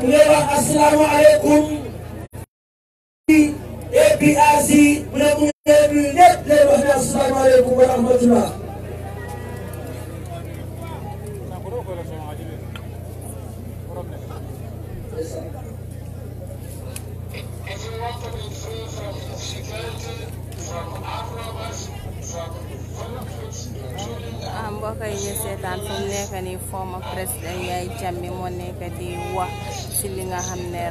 kulewa assalamu alaikum APRC mune mune bi net le wax na assalamu alaikum wa rahmatullah mbokk yi ñu seetaan fu mu nekk nii former président Yaya Jammeh moo nekk di wax si li nga xam ne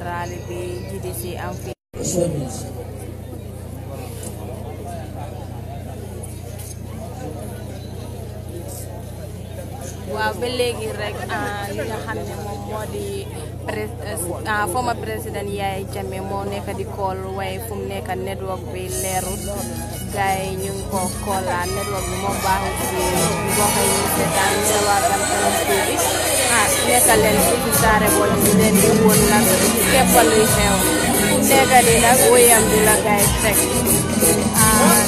GDC am fi waaw ba léegi rek li nga xam ne moom di ah, eh, ah, former nekk di call way fu nekk network bi leerul gars ñu network bi moo baaxul si mbokk yi ñu nekkal leen surtout saare bool bi leen di wóor nag képp luy xew nekka di nag wóyam di la gaay teg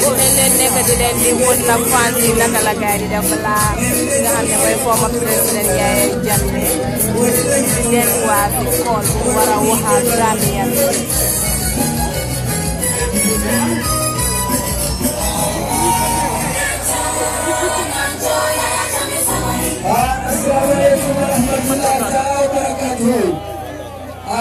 dinañ leen nekk di leen di wóor nag fan yi naka la gaay di def laa nga xam ne mooy former président Yaya Jammeh di leen waa di bu war a waxaat Gambia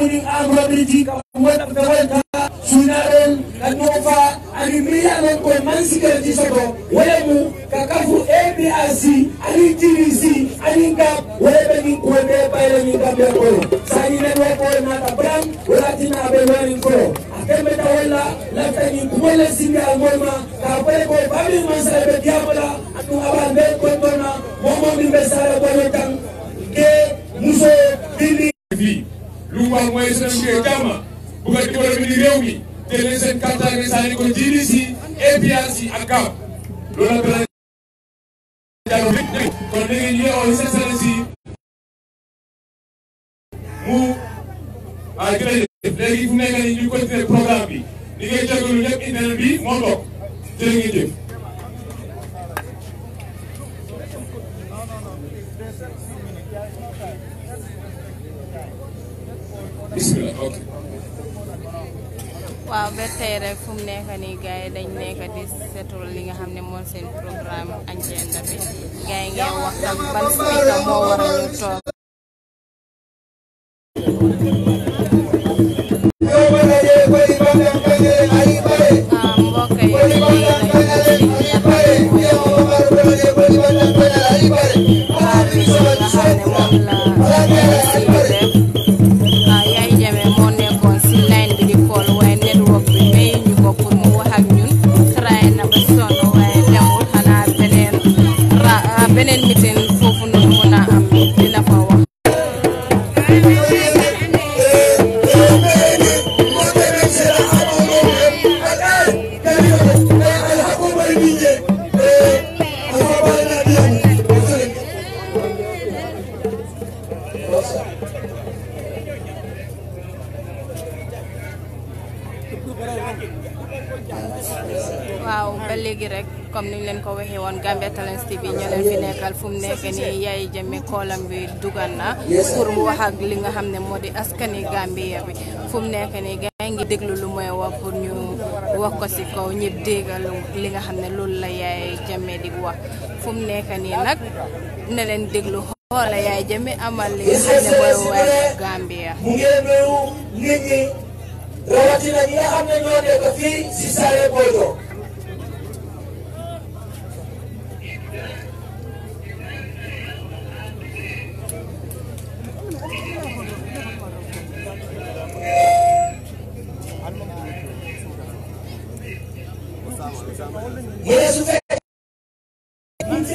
mini agrobiriji ka wata tawalta sunaren ka nofa ani miyamen koye mansikerji soto walemu ka kafu abac ani tirisi ani gap walebe nin koye be bayre nin gambe koyo saninen wo koye mata bram walatina aɓe loyanin koyo akembe tawalla lafta nin kumole sinde algoyma ka fole koye bamin mansala ɓe diyamala anu aɓa mbe kontona momomin ɓe sara goyo tan réew mi te leen seen kattaange sànni ko si APRC si ak Kaap loolu la président Diallo kon da ngeen yeewoon sasana si mu ah jërëjëf léegi fu nekk nii ñu programme bi li ngay jégalu lépp internet bi moo toog jërë jëf. waaw ba tey rek fu mu nekk nii dañ nekk di setul li nga xam ne mooy seen programme agenda bi gars yi ngay wax ak ban toog Wow, balik direct. comme ni leen ko waxee woon Gambian Talents TV ñoo leen fi nekkal fu mu nekk nii Yaya Jammeh koolam bi dugal na pour wax ak li nga xam ne moo di askani Gambia bi fu mu nekk ngi déglu lu mooy wax pour ñu ko si kaw ñëpp déggal li nga xam ne loolu la Yaya Jammeh di wax nag na leen déglu xoola Yaya Jammeh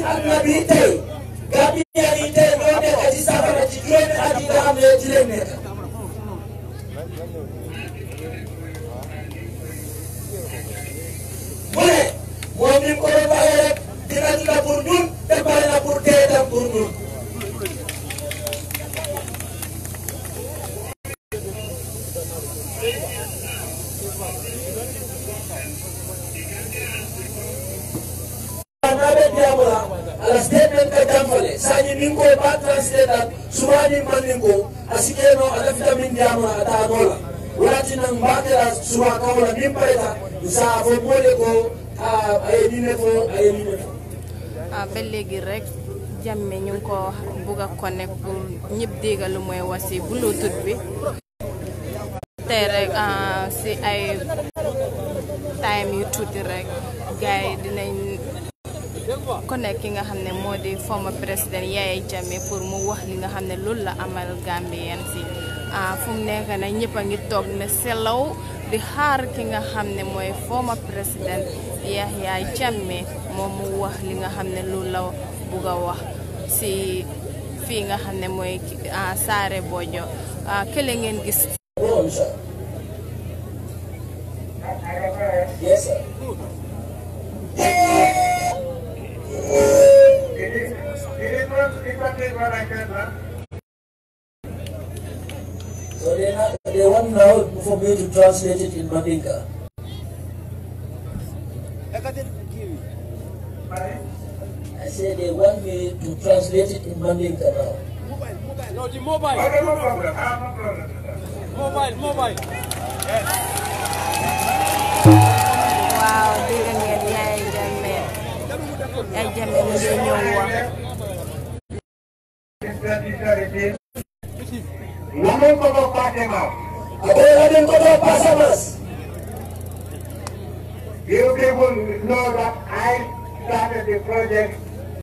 annabiite a gente kadi safanati a adida am leydi len neɗa mune womin ko e pas transité ba léegi rek jàmme ñu ngi ko bugg a connect pour ñëpp dégg lu mooy wasi bluetooth bi tey rek ah, si ay time yu tuuti rek gars dinañ connect ki nga xam ne moo di former président Yaya Jammeh pour mu wax li nga xam ne loolu la amal Gambien si ah, fu mu nekk na ñëpp a ngi toog ne selaw di xaar ki nga xam ne mooy former président Yaya Jammeh moom mu wax li nga xam ne loolu la bugg wax si fii nga xam ne mooy ah, Saare Bojo ah, kële ngeen gis. So they, not, they want now for me to translate it in Mandinka. I say they want me to translate it in Mandinka now. Mobile, mobile, no, the mobile. Oh, no, no problem. Ah, no problem. Mobile, mobile. Yes. Wow, big and yay, young man. Young man, You people know that I started the project